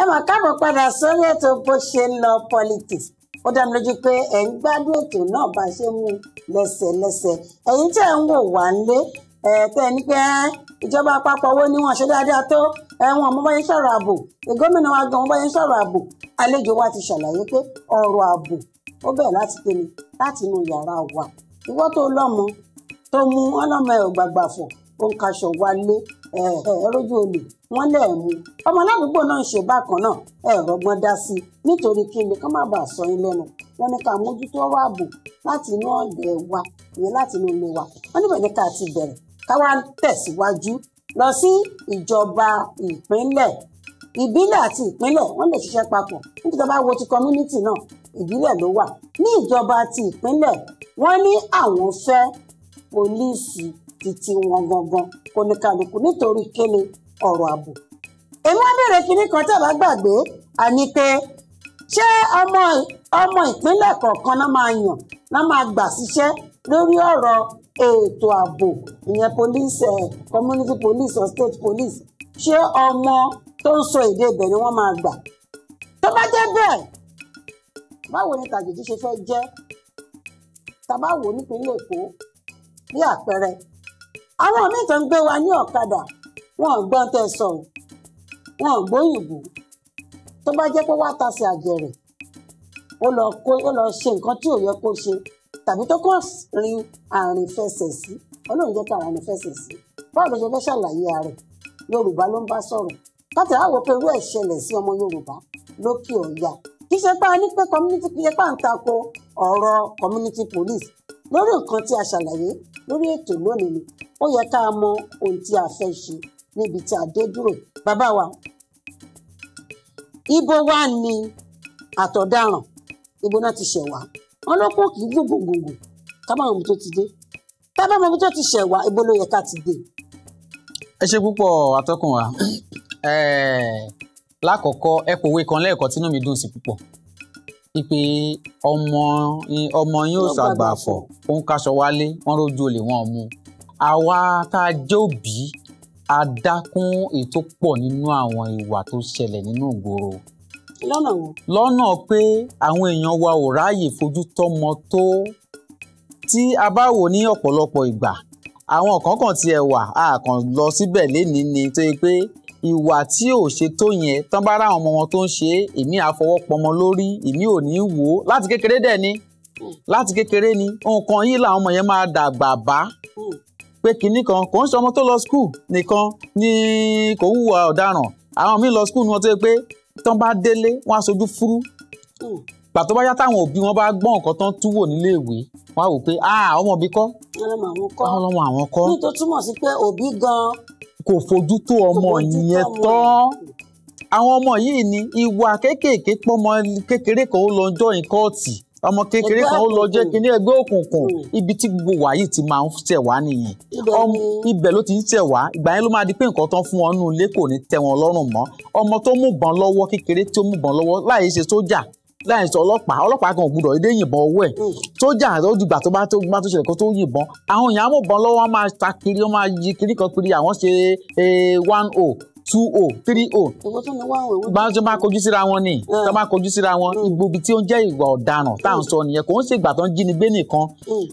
ẹ mà káàbọ̀ padà sórí ètò bó ṣe lọ politics ó dá mi lójú pé ẹ ń gbádùn ètò náà bá ṣe mú lẹ́sẹ̀lẹ́sẹ̀ ẹ̀yin tẹ́ ń wò wá nílé ẹ tẹ́ ní pé ìjọba àpapọ̀ owó ni wọ́n ṣe dáadáa tó ẹ̀wọ̀n ọmọ báyẹn sọ̀rọ̀ ààbò gómìnà wa gan ọmọ báyẹn sọ̀rọ̀ ààbò àlejò wa ti ṣàlàyé pé ọ̀rọ̀ ààbò ó bẹ̀rẹ̀ láti pé láti inú yàrá wa ìwọ tó lọ́mọ tó mú ọlọ́mọ ẹ̀ ò gbàgbà fọ̀ ó ń kaṣọ wa ẹrójú olè wọn lẹ mú ọmọ aládùúgbò náà ń ṣe bákan náà ẹrọgbọn dá sí nítorí kí n lè kán má bàa sọ yín lẹ́nu wọn ní ká mójútó ọwọ́ ààbò láti inú ọgbẹ wa ìyẹn láti inú ilé wa wọn níbẹ̀ ní ká ti bẹ̀rẹ̀ ká wá tẹ̀síwájú lọ sí ìjọba ìpínlẹ̀ ìbílẹ̀ àti ìpínlẹ̀ wọ́n lè ṣiṣẹ́ papọ̀ nítorí tó bá wo ti community náà ìbílẹ̀ ló wà ní ìjọba ti ìpínlẹ̀ wọ́n ní àwọn fẹ́ pólíìsì títí wọn gangan kò ní kálukú nítorí kéle ọ̀rọ̀ ààbò. èmi wá béèrè kinní kan tẹ́ ẹ bá gbàgbé àní pé ṣé ọmọ ọmọ ìpínlẹ̀ kọ̀ọ̀kan náà máa yàn náà máa gbà síṣẹ́ lórí ọ̀rọ̀ ètò ààbò ìyẹn police eh, community police or state police ṣé ọmọ tó ń sọ èdè ibẹ̀ ni wọ́n máa gbà tó bá jẹ́ bẹ́ẹ̀ báwo ni Tàjùdí ṣe fẹ́ jẹ́ tá wò nípínlẹ̀ Èkó bí àpẹẹrẹ àwọn mi tó ń gbé wa ní ọ̀kadà wọn ò gbọ́n tẹ́ sọ o wọn ò gbóyìnbó tó bá jẹ́ pé wá tasẹ̀ àjẹrẹ̀ ó lọ kó ó lọ ṣe nǹkan tí ò yẹ kó ṣe tàbí tó kàn rin àrìn fẹsẹ̀ sí ọlọ́run jẹ́ ká àrìn fẹsẹ̀ sí báwo ló ṣe fẹ́ ṣàlàyé rẹ̀ yorùbá ló ń bá sọ̀rọ̀ láti ráwọ̀ pé irú ẹ̀ ṣẹlẹ̀ sí ọmọ yorùbá lókè ọ̀yà kì í ṣe pé a ní pé community pé pàǹtakò ọ̀rọ̀ community police lórí nǹkan tí a ṣàlàyé lórí ètò lónìí ni ó yẹ ká mọ ohun tí a fẹ́ ṣe níbi tí a dé dúró bàbá wa ibo wá ni àtọ̀daràn ibo náà ti ṣẹ̀ wá wọn ló kún kì í gbogbogbò ká má mọ ibi tó ti dé ká má mọ ibi tó ti ṣẹ̀ wá ibo ló yẹ ká ti dé. ẹ ṣe púpọ̀ atọ́kùn wa lákọ̀ọ́kọ́ ẹ pòwe kan lẹ́ẹ̀kan tínú mi dùn sí púpọ̀ ipe ọmọ ọmọ yín ò ṣàgbàfọ̀ ó ń kaṣọ wálé wọ́n rójú olè wọn mú àwa tá a jẹ́ òbí a dákún ètò pọ̀ nínú àwọn ìwà tó ṣẹlẹ̀ nínú ìgboro. lọ́nà wo. lọ́nà pé àwọn èèyàn wa ò ráàyè fojú tọ́mọ tó tí a bá wò ní ọ̀pọ̀lọpọ̀ ìgbà àwọn kọ̀ọ̀kan tiẹ̀ wà a kàn lọ síbẹ̀ lénìí ni tó yẹ pé ìwà tí ò ṣe tó yẹn tán bá ráwọn ọmọ wọn tó ń ṣe èmi àfọwọ́pọmọ lórí èmi ò ní wò ó láti kékeré dẹ̀ ni láti kékeré ni nǹkan yìí làwọn ọmọ yẹn máa dàgbà bá pé kinní kan kò ń ṣe ọmọ tó lọ skul nìkan ni kò hùwà ọ̀daràn àwọn míì lọ skul ni wọ́n tó yẹ pé tán bá délé wọ́n á sojú fúrú pàtó bá yá táwọn òbí wọn bá gbọ́n nǹkan tán tú wò nílé ìwé wọn á wò pé ah, ọmọ bí kọ́ ọlọ́mọ àwọn kọ́ nítorí túmọ̀ sí pé òbí gan-an kò fojú tó ọmọ yẹn tán àwọn ọmọ yìí ni ìwà kéékèèké pọmọ kékeré kan ó lọ jọ ìkọ́ọ̀tì ọmọ kékeré kan ó lọ jẹ́ kínní ẹgbẹ́ òkùnkùn hmm. ibi tí gbogbo wàyí ti máa ń tẹ̀ wá nìyẹn ibẹ̀ ló ti ń tẹ̀ wá ìgbà yẹn ló máa di pé nǹkan tán fún wọn ilé kò ní tẹ́ wọn lọ́rùn mọ́ ọmọ tó mú bọn lọ́wọ́ kékeré tó mú bọn lọ́wọ́ láì ṣe sójà láì sọ ọlọ́pàá ọlọ́pàá kan ò gbúdọ̀ ilé yìnbọn ọwọ́ ẹ̀ hmm. tó jà lójúgbà tó bá tó bá tó ṣẹlẹ̀ kó tó yìnbọn àwọn èèyàn amóbọn lọ́wọ́ wọn máa ta kiri wọn máa yí kiri kan kiri àwọn ṣe eh, one o oh, two o oh, three o. Oh. ìwọ tó máa kojú síra wọn ni hmm. tó máa kojú síra wọn hmm. ibi tí ó ń jẹ́ ìwà ọ̀daràn tá à ń sọ nìyẹn kò ń ṣe ìgbà tó ń jínigbé nìkan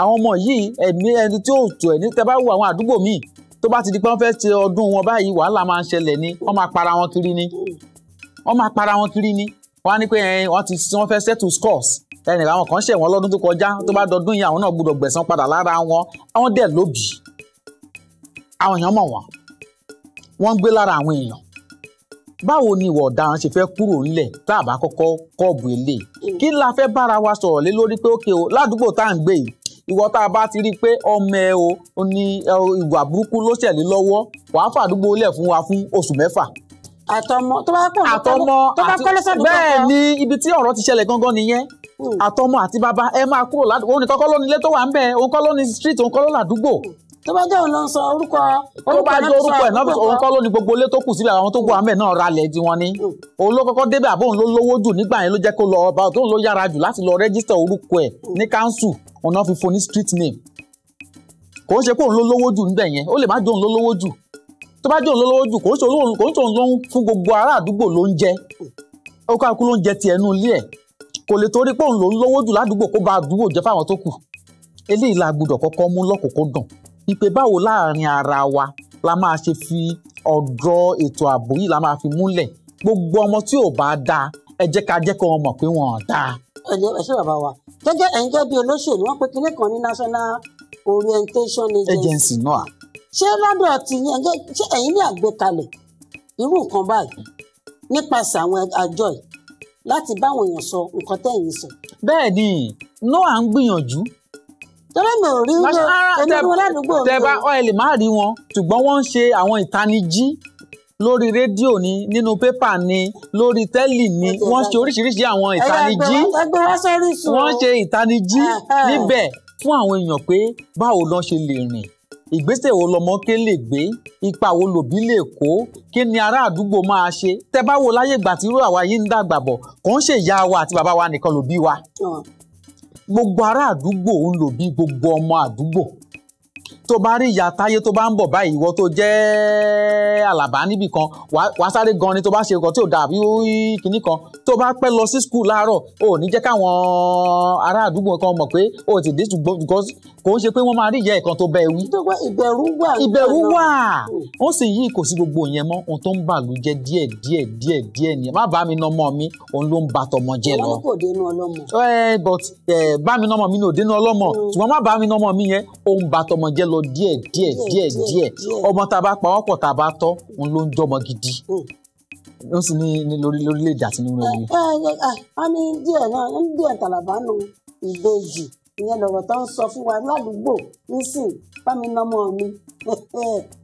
àwọn ọmọ yìí ẹ̀mí ẹni tí ó tù ẹ̀ ní tẹ́ bá wo àwọn àdúgbò míì tó bá ti di pé wọ́n fẹ́ ṣe ọdún wọn báyìí wàhálà máa ń ṣẹlẹ̀ ni wọ́n máa para wọn kiri ni wọ́n máa para wọn kiri ni wọ́n á ní pé wọ́n ti wọ́n fẹ́ settle scores ẹnì àwọn kan ṣẹ̀ wọ́n lọ́dún tó kọjá tó bá dọdún yìí àwọn náà gbọ́dọ̀ gbẹ̀san padà lára wọn àwọn dẹ̀ lóbì àwọn èèyàn mọ̀ wọ́n wọ́n ń gbé lára àwọn èèyàn báwo ni ìwà ọ̀daràn ṣe fẹ́ kúrò ńlẹ̀ tá a bá kọ́kọ́ kọ́ọ̀bù ilé kí la fẹ́ bára wa sọ̀rọ̀ lé lórí pé ókè o ládùúgbò tá à ń gbé yìí ìwọ tá a bá ti rí i pé ọmọ ẹ o ní ìwà burúkú ló ṣẹ̀lẹ̀ lọ́wọ́ wàá fàdúgbò lẹ̀ fún wa fún oṣù mẹ́fà àtọmọ tó bá kọ́ àtọmọ àti bẹ́ẹ̀ ni ibi tí ọ̀rọ̀ ti ṣẹlẹ̀ gangan nìyẹn hmm. àtọmọ àti bàbá ẹ máa kúrò ládùúgbò òun nìkan kọ́ ló ní ilé tó wà ń bẹ̀ òun kọ́ ló ní street òun kọ́ ló ládùúgbò. tó bá jẹ́ òun ló ń sọ orúkọ orúkọ náà sọ orúkọ ẹ̀ náà òun kọ́ ló ní gbogbo ilé tó kù síbi àwọn tó gbọ́ àmẹ́ náà ralẹ̀ di wọn ni. Hmm. òun ló kọ́kọ́ débẹ̀ àbó òun ló lówó jù nígbà yẹn ló jẹ́ kó lọ ọba òun ló yára jù láti lọ rẹ́gísítà orúkọ ẹ̀ hmm. ní council òun náà fi fún ní street name kò ń ṣe pé òun ló lówó jù níbẹ̀ yẹn ó lè má jẹ́ òun ló lówó jù tó bá jẹ́ òun lọ́wọ́ jù kò ń sòun ló ń fún gbogbo ará àdúgbò ló ń jẹ ó ká kú ló ń jẹ tiẹ̀ nú ilé ẹ̀ kò lè torí pé òun ló ń lówó jù ládùúgbò kó ba àdúgbò jẹ fáwọn tó kù eléyìí la gbọ́dọ̀ kọ́kọ́ mú lọ́kùnkúndùn ìpè báwo láàrin ara wa la máa ṣe fi ọ̀dọ̀ ètò ààbò yìí la máa fi múlẹ̀ gbogbo ọmọ tí ò bá dáa ẹ jẹ́ ká jẹ́ kó wọn mọ̀ pé wọn ò dáa. ẹ bàbá wa gẹ́gẹ́ ẹ̀yin jẹ́ bí olóṣèlú wọ́n pe kinní kan ní national orientation agency náà ṣé lọ́dọ̀ tìyẹn ṣé ẹ̀yin ní àgbékalẹ̀ irú nǹkan báyìí nípasẹ̀ àwọn àjọ yìí láti báwọn èèyàn sọ nǹkan tẹ̀yìn sọ. bẹ́ẹ̀ ni noa ń gbìyànjú. tọ́lá mi ò rí wọn ẹni wọn ládùúgbò mi. tẹ́bá ọ ẹ lè má rí wọn ṣùgbọ́n wọ́n ń ṣe àwọn ìtanijí lórí rédíò ni nínú pépà ni lórí tẹ́lì ni wọ́n ṣe oríṣiríṣi àwọn ìtanijí wọ́n ṣe ìtanijí níbẹ̀ fún àwọn èèyàn pé báwo lọ́n ṣe lè rìn ìgbésẹ̀ wo lọmọ ké lè gbé ipa wo lòbí lè kó kí ni ará àdúgbò máa ṣe tẹ bá wo láyé ìgbà tí irú àwa yìí ń dàgbà bọ̀ kò ń ṣe ìyá wa àti bàbá wa nìkan lòbí wa gbogbo ará àdúgbò ń lòbí gbogbo ọmọ àdúgbò tó bá rí ìyá táyé tó bá ń bọ̀ báyìí ìwọ tó jẹ́ àlàbá níbì kan wàá sáré gan ni tó bá ṣe nǹkan tí ò dàbí kinní kan tó bá pẹ́ lọ sí skul láàárọ̀ ò ní jẹ́ káwọn ará àdúgbò kan mọ̀ pé ò ti dé kò ń ṣe pé wọ́n máa rí ìyá ẹ̀kan tó bẹ́ẹ̀ wí. ìbẹ̀rù wà. ìbẹ̀rù wà ó sì yí kò sí gbogbo yẹn mọ́ ohun tó ń bàlù jẹ́ díẹ̀ díẹ̀ díẹ̀ díẹ̀ nìyẹn má bá mi nọmọ mi òun ló ń ba tọmọ jẹ lọ. kò dénú ọlọ́mọ. ẹ but ẹ bá mi nọmọ mi ní òdénú ọlọ́mọ mm. ṣùgbọ́n má bá mi nọmọ mi yẹn òun ba tọmọ jẹ lọ díẹ̀ díẹ̀ díẹ̀ díẹ̀ ọmọ tá a bá pa ọ̀pọ̀ tá a bá tọ́ òun ló ń jọmọ gidi mm. ó sì ní lórí lórílẹ̀-èdè àti nínú ẹ̀mí. ẹ ẹ ẹ a ní díẹ̀ náà ní díẹ̀ tàlàbà ìbejì ìyẹn lọ̀rọ̀ tó ń sọ fún wa ládùúgbò nísìn bámi nọmọ mi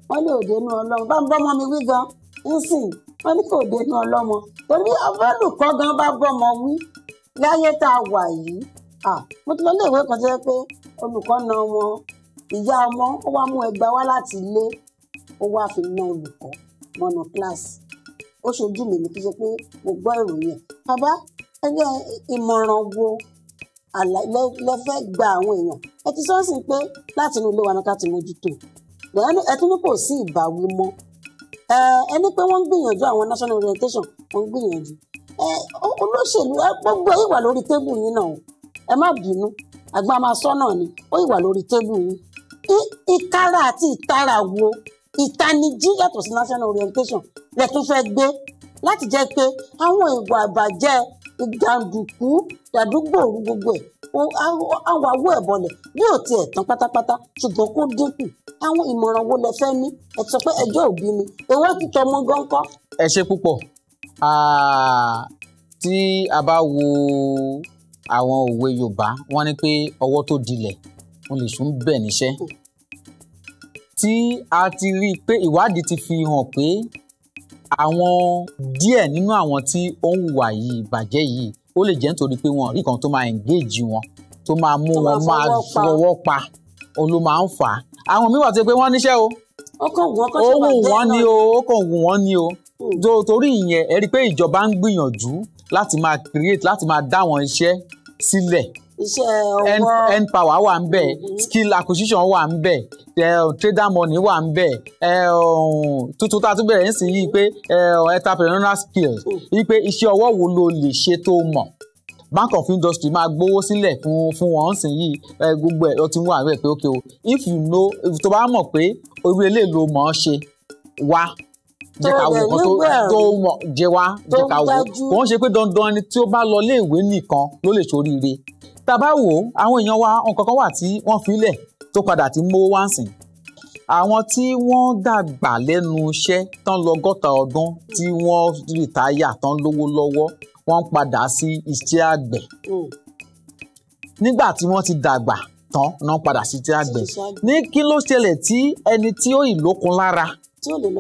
wọ́n ní òde inú ọlọ́mọ bá ń bọ́mọ mi wí gan nísìn wọ́n ní kò dé inú ọlọ́mọ torí olùkọ́ gan bá bọ́mọ wí láyé tá a wà yìí mo ti lọ ní ìwé kan tó yẹ pé olùkọ́ na ọmọ ìyá ọmọ ó wá mú ẹgbà wá láti ilé ó wá fi na olùkọ́ mọ́nà kíláàsì ó ṣojú mi ní kí n ṣe pé mo gbọ́ ìròyìn ẹ̀ bàbá ẹgbẹ́ ìmọ̀ràn wo lẹ fẹ́ gba àwọn èèyàn ẹ ti sọ́ọ́sì pé láti inú ilé wa ni ká ti mójútó ẹ tún ní kò sí ìbáwí mọ́ ẹni pé wọ́n ń gbìyànjú àwọn national orientation wọ́n ń gbìyànjú olóṣèlú gbogbo ìwà lórí tébù yín náà ẹ má bínú àgbọn máa sọ náà ni ó ìwà lórí tébù yín ìkárà àti ìtara wo ìtanijí yàtọ̀ sí national orientation lẹ tún fẹ́ gbé láti jẹ́ pé àwọn ìwà ìbàjẹ́ jàǹdùkú jàdúgbòru gbogbo ẹ̀ àwọn awọ ẹ̀ bọ̀lẹ̀ bí ò tiẹ̀ tán pátápátá ṣùgbọ́n kó dínkù àwọn ìmọ̀ràn wo lẹ fẹ́ ní ẹ sọ pé ẹjọ́ òbí ni ewé títọ́ mọ́ gánkọ́. ẹ ṣe púpọ̀ ah, tí a bá wo àwọn òwe Yorùbá wọ́n ní pé ọwọ́ tó dilẹ̀ wọ́n lè sùn bẹ̀ níṣẹ́ tí a ti rí i pé ìwádìí ti fi hàn pé àwọn díẹ̀ nínú àwọn tí ó ń hùwà yìí ìbàjẹ́ yìí ó lè jẹ́ nítorí pé wọn rí kan tó máa engage wọn tó máa mú wọn máa fọwọ́ pa òun ló máa ń fà á àwọn míì wà tó pé wọ́n níṣẹ́ o ó wù wọ́n ni o ó kàn wù wọ́n ni o hmm. torí ìyẹn ẹ rí i pé ìjọba ń gbìyànjú láti máa create láti máa dá àwọn iṣẹ́ sílẹ̀ iṣẹ́ ọwọ́ end power wà ń bẹ̀ mm-hmm. skill acquisition wà ń bẹ̀ trader money wà ń bẹ̀ tuntun tá a tún bẹ̀rẹ̀ ń sìn yìí pé entrepreneurial skills mm. yìí pé iṣẹ́ ọwọ́ wo lo lè ṣe tó mọ̀ bank of industry máa gbowó sílẹ̀ fún fún wọn sìn yìí gbogbo ẹ̀ ọtí wọn àwẹ̀ pé ok o if you know tó bá mọ̀ pé orí eléyìí ló mọ̀ ọ́ ṣe wá jẹ́ ká wò kó tó mọ̀ jẹ́ wá jẹ́ ká wò kò ń ṣe pé dandan ni tí ó bá lọ ilé ìwé nìkan ló lè ṣoríire tá a bá wò ó àwọn èèyàn wa nǹkan kan wà tí wọ́n fi lẹ̀ tó padà ti mówó wá sìn àwọn tí wọ́n dàgbà lẹ́nu iṣẹ́ tán lọ́gọ́ta ọdún tí wọ́n rìtáyà tán lówó lọ́wọ́ wọ́n padà sí iṣẹ́ àgbẹ̀ nígbà tí wọ́n ti dàgbà tán náà padà sí iṣẹ́ àgbẹ̀ ní kí ló ṣẹlẹ̀ tí ẹni tí ó ìlókun lára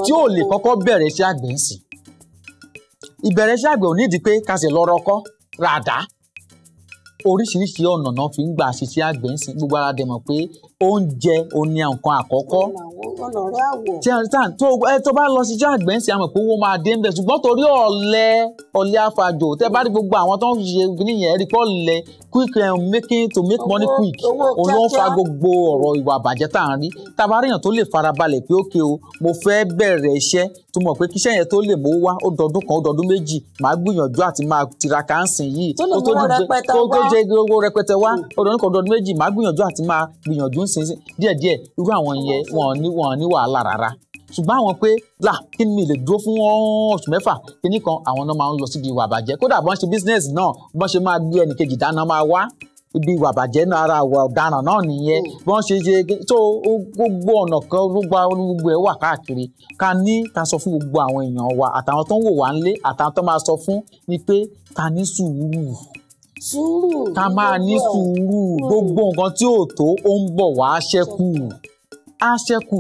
tí ò lè kọ́kọ́ bẹ̀rẹ̀ iṣẹ́ àgbẹ̀ ń sìn ìbẹ̀rẹ̀ iṣẹ́ àgbẹ̀ ò nídìí pé ká sì lọ ràdá oríṣiríṣi ọ̀nà náà fi ń gbà ṣiṣẹ́ àgbẹ̀ ń sìn gbogbo ara dẹ̀ mọ̀ pé oúnjẹ òní nǹkan àkọ́kọ́ tó bá lọ sí iṣẹ́ àgbẹ̀ ń sìn àwọn ìpínwó máa dé ń bẹ̀ ṣùgbọ́n torí ọ̀lẹ ọ̀lẹ afàjò tẹ́ bá rí gbogbo àwọn tó ń ṣe nìyẹn rí pọ̀ lẹ quick um, making to make money quick òun ló ń fa gbogbo ọ̀rọ̀ ìwà àbàjẹ́ tá à ń rí tabaríyàn tó lè farabalẹ̀ pé ókè o mo fẹ́ bẹ̀rẹ̀ iṣẹ́ tó mọ̀ pé kíṣẹ́ yẹn tó lè mú wá ó dọdún kan ó dọdún méjì màá gbìyànjú àti máa tiraka ń sìn yìí tó tó jẹ owó rẹpẹtẹ wá hmm. ó dọdún kan ó dọdún méjì màá gbìyànjú àti máa gbìyànjú ń nísìn díẹ̀díẹ̀ irú àwọn yẹn wọn ní wọn ní wàhálà rárá ṣùgbọ́n àwọn pé là kí ni mi lè dúró fún oṣù mẹ́fà kíní kan àwọn náà máa ń lọ síbi ìwà àbàjẹ́ kódà bọ́n ṣe business náà bọ́n ṣe máa gbé ẹnìkejì dáná máa wá ibi ìwà àbàjẹ́ náà ara ìwà ọ̀daràn náà nìyẹn mm. bọ́n ṣe ṣe tó gbogbo ọ̀nà kan gbogbo ẹ̀ wà káàkiri ká ní ká sọ fún gbogbo àwọn èèyàn wa àtàwọn tó ń wò wá ń lé àtàwọn tó máa sọ fún ni pé ká ní sùúrù ká máa ní sùúrù gbogbo nǹkan tí ò tó ó ń bọ̀ wá ṣẹ́kù ṣẹ́kù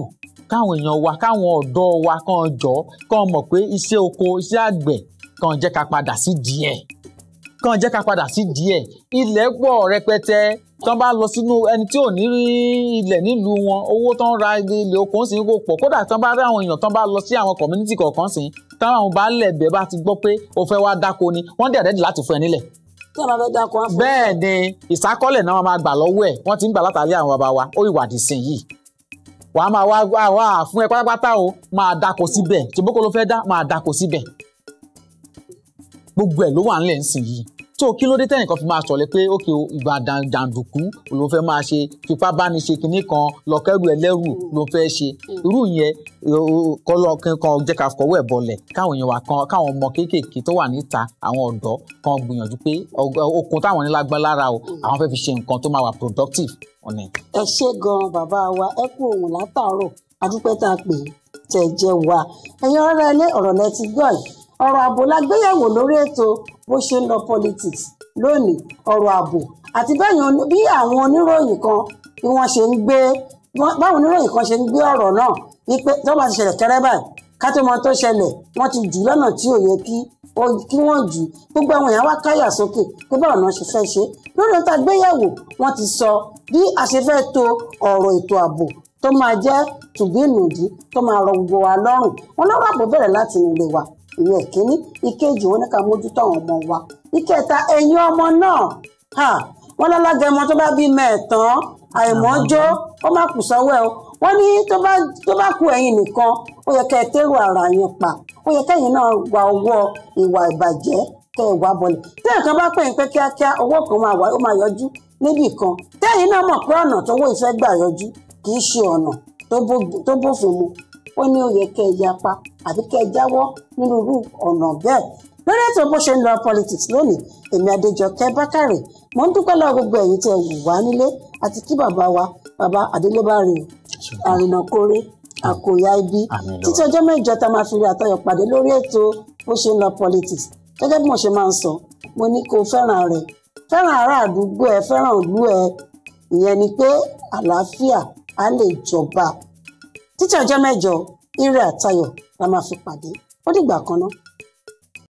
káwọn èèyàn wa káwọn ọ̀dọ́ wa kan jọ kan mọ̀ pé iṣẹ́ oko iṣẹ́ àgbẹ̀ kan jẹ́ ká padà sí díẹ̀ kan jẹ́ ká padà sí díẹ̀ ilẹ̀ pọ̀ rẹpẹtẹ tán bá lọ sínú ẹni tí ò ní rí ilẹ̀ nílùú wọn owó tán ra ilẹ̀ oko ń sìn kò pọ̀ kódà tán bá rí àwọn èèyàn tán bá lọ sí àwọn community kọ̀ọ̀kan sìn táwọn bá lẹ̀ bẹ́ẹ̀ bá ti gbọ́ pé o fẹ́ dáko ni wọ́n dẹ̀ rẹ́dì láti fún ẹ nílẹ̀ tí àwọn fẹ́ dáko afọ. bẹ́ẹ̀ ni ìsákọ́lẹ̀ náà máa gbà lọ́wọ́ ẹ̀ wọ́n ti ń gbà látàrí àwọn bàbá wa ó ìwà dìsìn yìí wàá máa wá wá wá fún ẹ pátápátá o máa dáko síbẹ̀ tìbókò ló fẹ́ dá máa dáko síbẹ̀ gbogbo ẹ̀ ló wà ńlẹ̀ ń sìn yìí so kí ló dé tẹ́nìkan fi máa sọ̀lẹ̀ pé ókè ìgbà jàǹdùkú ló fẹ́ máa ṣe fipá báni ṣe kinní kan lọ́kẹ́rù ẹlẹ́rù ló fẹ́ ṣe irú yẹn kọ́lọ́ kan jẹ́ ká fọwọ́ ẹ̀ bọlẹ̀ káwọn èèyàn wà kan káwọn ọmọ kéékèèké tó wà níta àwọn ọ̀dọ́ kan gbìyànjú pé okun táwọn ní lágbálára o àwọn fẹ́ fi ṣe nǹkan tó máa wà productive ọ̀nà. ẹ ṣe gan-an bàbá wa ẹ kú òun látàárọ̀ adúpẹ́ tá a pè é tẹ̀ jẹ́ wa ẹ̀yin ilé ọ̀rọ̀ lẹ ti gbọ́ yìí ọ̀rọ̀ ààbò la gbéyẹ̀wò lórí ètò bó ṣe ń lọ politics lónìí ọ̀rọ̀ ààbò àti bí àwọn oníròyìn kan bí wọ́n ṣe ń gbé báwọn oníròyìn kan ṣe ń gbé ọ̀rọ̀ náà wípé tó bá ti ṣẹlẹ̀ kẹrẹ́ báyìí ká tó mọ tó ṣẹlẹ̀ wọ́n ti jù lọ́nà tí ò yẹ kí kí wọ́n jù gbogbo àwọn èèyàn wá káyà sókè pé báwọn náà ṣe fẹ́ ṣe lórí ọ̀tá gbéyẹ̀wò wọ́n ti sọ bí a ṣe fẹ́ to ọ̀rọ̀ ètò ààbò tó máa jẹ́ tùgbínùdí tó máa rọ gbogbo wa lọ́rùn wọn lọ́wọ́ àbò bẹ̀rẹ̀ láti ilé wa ìyẹn kínní ìkejì wọn ní ká mójútó àwọn ọmọ wa ìkẹta ẹ̀yin ọmọ náà wọn lálága ẹmọ tó bá bí mẹ́ẹ̀tàn àìmọ́jó ó má kù sọ́wọ́ ẹ o wọ́n ní tó bá kú ẹ̀yin nìkan ó yẹ kẹ́ ẹ tẹ́rù ara yẹn pa ó yẹ kẹ́yìn náà gba ọwọ́ ìwà ìbàjẹ́ kẹ́ ẹ wá bọ̀lẹ̀ tẹ́yìn kan bá pè ń pẹ́ kíákíá owó kan máa wà ó máa yọjú níbì kan tẹ́yìn náà mọ̀ pé ọ̀nà tówó ìfẹ́ gbà yọjú kì í ṣe ọ̀nà tó bófin mu ó ní ó yẹ kẹ́ ẹ yapa àbí kẹ́ ẹ jáwọ́ nínú irú ọ̀nà bẹ́ẹ̀ lórí ètò bó ṣe ń lọ politics lónìí èmi adéjọkẹ́ bákàrè mo ń dúpẹ́ lọ́wọ́ gbogbo ẹ̀yin tẹ́ wù wá nílé àti kí bàbá wa bàbá adélébárí àrìnàkórè àkòyá ibi títí ọjọ́ mẹ́jọ tá a máa fi rí àtọyọ̀ pàdé lórí ètò bó ṣe ń lọ politics gẹ́gẹ́ bí mo ṣe máa ń sọ mo ní kó fẹ́ràn rẹ̀ fẹ́ràn ará àdúgbò ẹ fẹ́ràn ìlú ẹ ìyẹn ni pé àlàáfíà á lè jọba títí ọjọ́ mẹ́jọ ire àtayọ̀ la máa fi pàdé ó dìgbà kan náà.